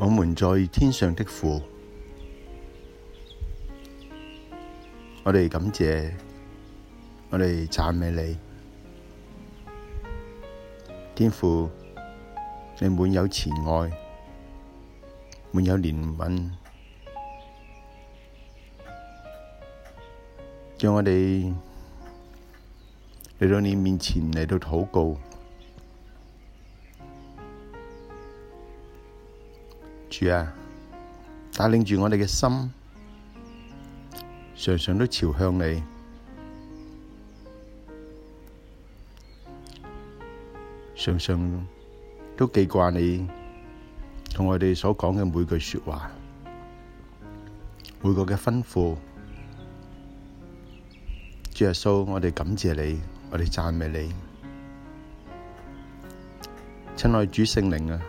我們在天上的父，我哋感謝，我哋贊美你，天父，你滿有慈愛，滿有憐憫，叫我哋嚟到你面前嚟到禱告。主啊！帶領住我哋嘅心，常常都朝向你，常常都記掛你，同我哋所講嘅每句說話，每個嘅吩咐，主耶穌，我哋感謝你，我哋讚美你，親愛主聖靈啊！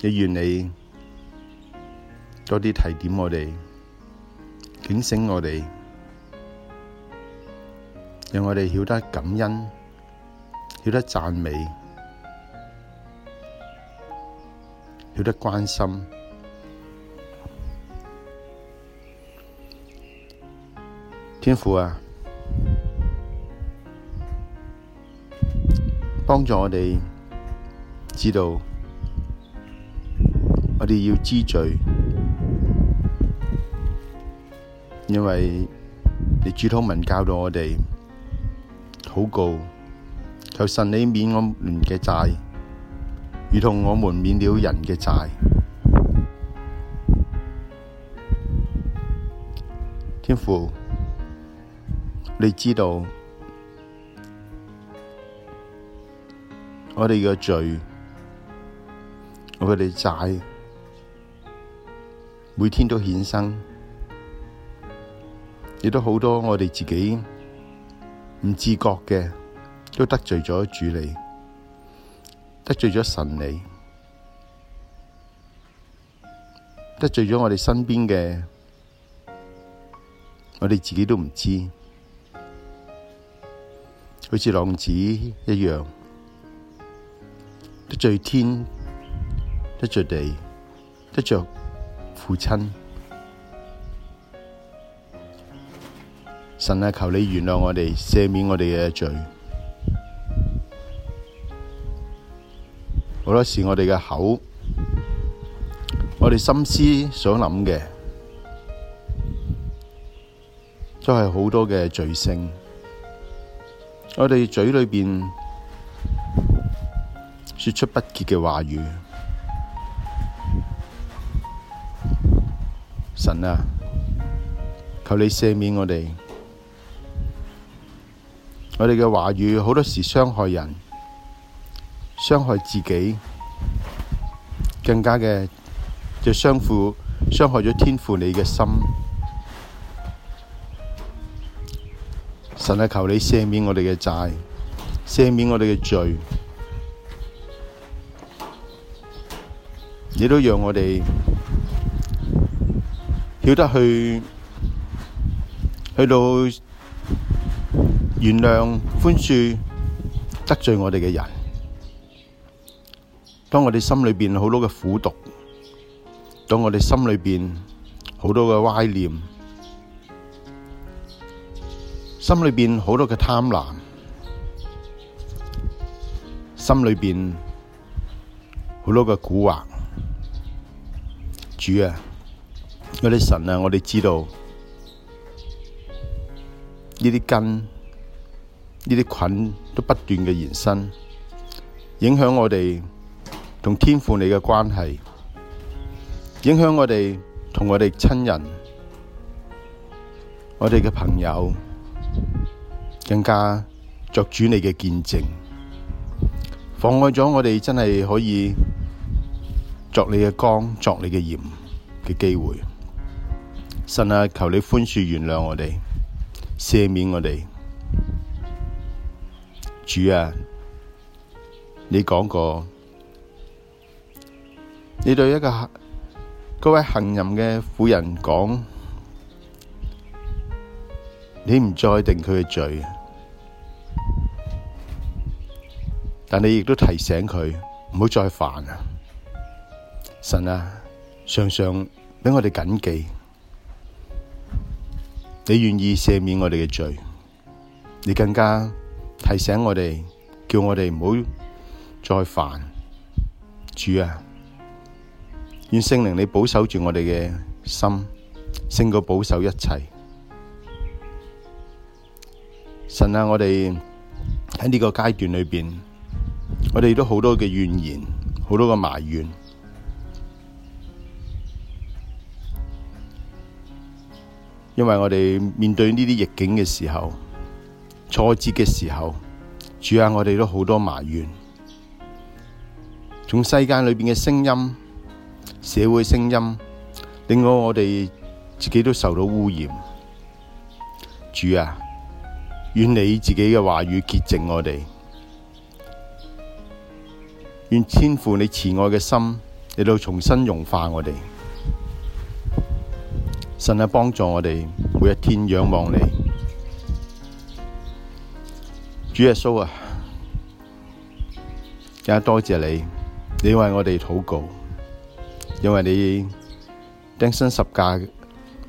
亦願你多啲提點我哋，警醒我哋，讓我哋曉得感恩，曉得讚美，曉得關心，天父啊，幫助我哋知道。我哋要知罪，因為你主禱文教導我哋禱告，求神你免我們嘅債，如同我們免了人嘅債。天父，你知道我哋嘅罪，我哋嘅債。每天都衍生，亦都好多我哋自己唔自覺嘅，都得罪咗主理，得罪咗神理，得罪咗我哋身邊嘅，我哋自己都唔知，好似浪子一樣，得罪天，得罪地，得罪。父親，神啊，求你原諒我哋，赦免我哋嘅罪。好多時，我哋嘅口，我哋心思所諗嘅，都係好多嘅罪性。我哋嘴裏邊說出不潔嘅話語。神啊，求你赦免我哋，我哋嘅話語好多時傷害人，傷害自己，更加嘅就傷父，傷害咗天父你嘅心。神啊，求你赦免我哋嘅債，赦免我哋嘅罪，你都讓我哋。要得去，去到原諒、寬恕得罪我哋嘅人，當我哋心裏邊好多嘅苦毒，當我哋心裏邊好多嘅歪念，心裏邊好多嘅貪婪，心裏邊好多嘅蠱惑，主啊！我哋神啊！我哋知道呢啲根、呢啲菌都不斷嘅延伸，影響我哋同天父你嘅關係，影響我哋同我哋親人、我哋嘅朋友，更加作主你嘅見證，妨礙咗我哋真係可以作你嘅光、作你嘅鹽嘅機會。神啊，求你寬恕、原諒我哋，赦免我哋。主啊，你講過，你對一個各位行淫嘅婦人講，你唔再定佢嘅罪，但你亦都提醒佢唔好再犯啊！神啊，常常畀我哋謹記。你願意赦免我哋嘅罪，你更加提醒我哋，叫我哋唔好再犯。主啊，願聖靈你保守住我哋嘅心，勝過保守一切。神啊，我哋喺呢個階段裏邊，我哋都好多嘅怨言，好多嘅埋怨。因為我哋面對呢啲逆境嘅時候，挫折嘅時候，主啊，我哋都好多埋怨，從世界裏邊嘅聲音、社會聲音，令到我哋自己都受到污染。主啊，願你自己嘅話語潔淨我哋，願天父你慈愛嘅心嚟到重新融化我哋。神啊，幫助我哋每一天仰望你，主耶穌啊，更加多謝你，你為我哋禱告，因為你釘身十架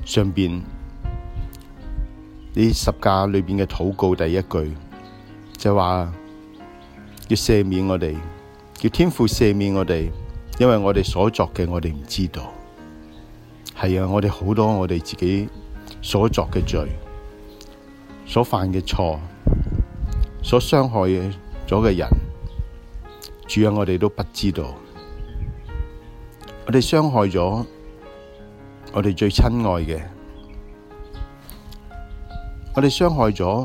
上邊，呢十架裏邊嘅禱告第一句就話要赦免我哋，叫天父赦免我哋，因為我哋所作嘅我哋唔知道。係啊，我哋好多我哋自己所作嘅罪，所犯嘅錯，所傷害咗嘅人，主啊，我哋都不知道，我哋傷害咗我哋最親愛嘅，我哋傷害咗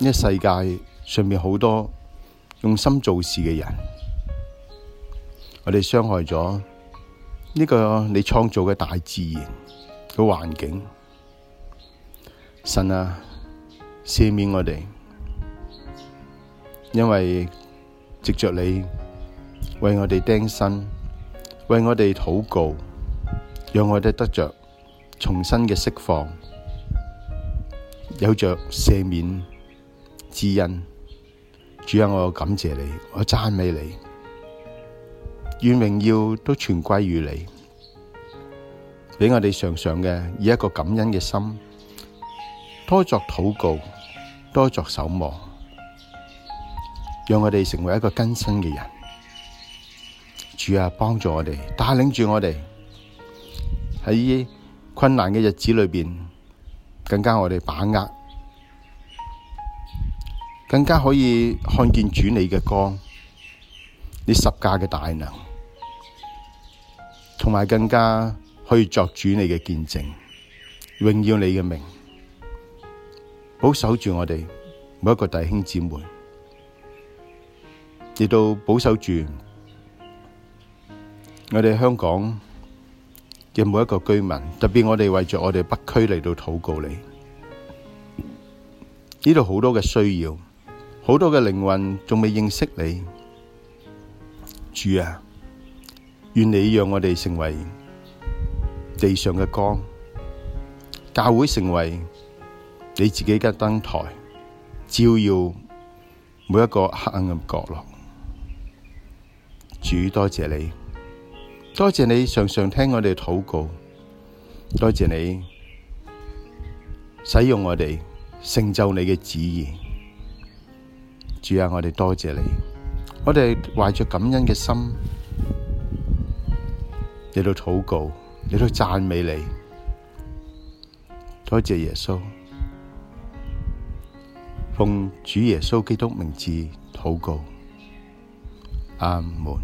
呢個世界上面好多用心做事嘅人，我哋傷害咗。呢個你創造嘅大自然嘅、這個、環境，神啊，赦免我哋，因為藉着你為我哋釘身，為我哋禱告，讓我哋得着重新嘅釋放，有着赦免之恩。主啊，我感謝你，我讚美你。願榮耀都全歸於你，俾我哋常常嘅以一個感恩嘅心，多作禱告，多作守望，讓我哋成為一個更新嘅人。主啊，幫助我哋，帶領住我哋喺困難嘅日子裏邊，更加我哋把握，更加可以看見主你嘅光，呢十架嘅大能。同埋更加可以作主你嘅見證，榮耀你嘅名，保守住我哋每一個弟兄姊妹，亦都保守住我哋香港嘅每一個居民，特別我哋為着我哋北區嚟到禱告你，呢度好多嘅需要，好多嘅靈魂仲未認識你，主啊！願你讓我哋成為地上嘅光，教會成為你自己嘅燈臺，照耀每一個黑暗嘅角落。主，多謝你，多謝你常常聽我哋嘅禱告，多謝你使用我哋成就你嘅旨意。主啊，我哋多謝你，我哋懷着感恩嘅心。你都禱告，你都讚美你，多謝耶穌，奉主耶穌基督名字禱告，阿門。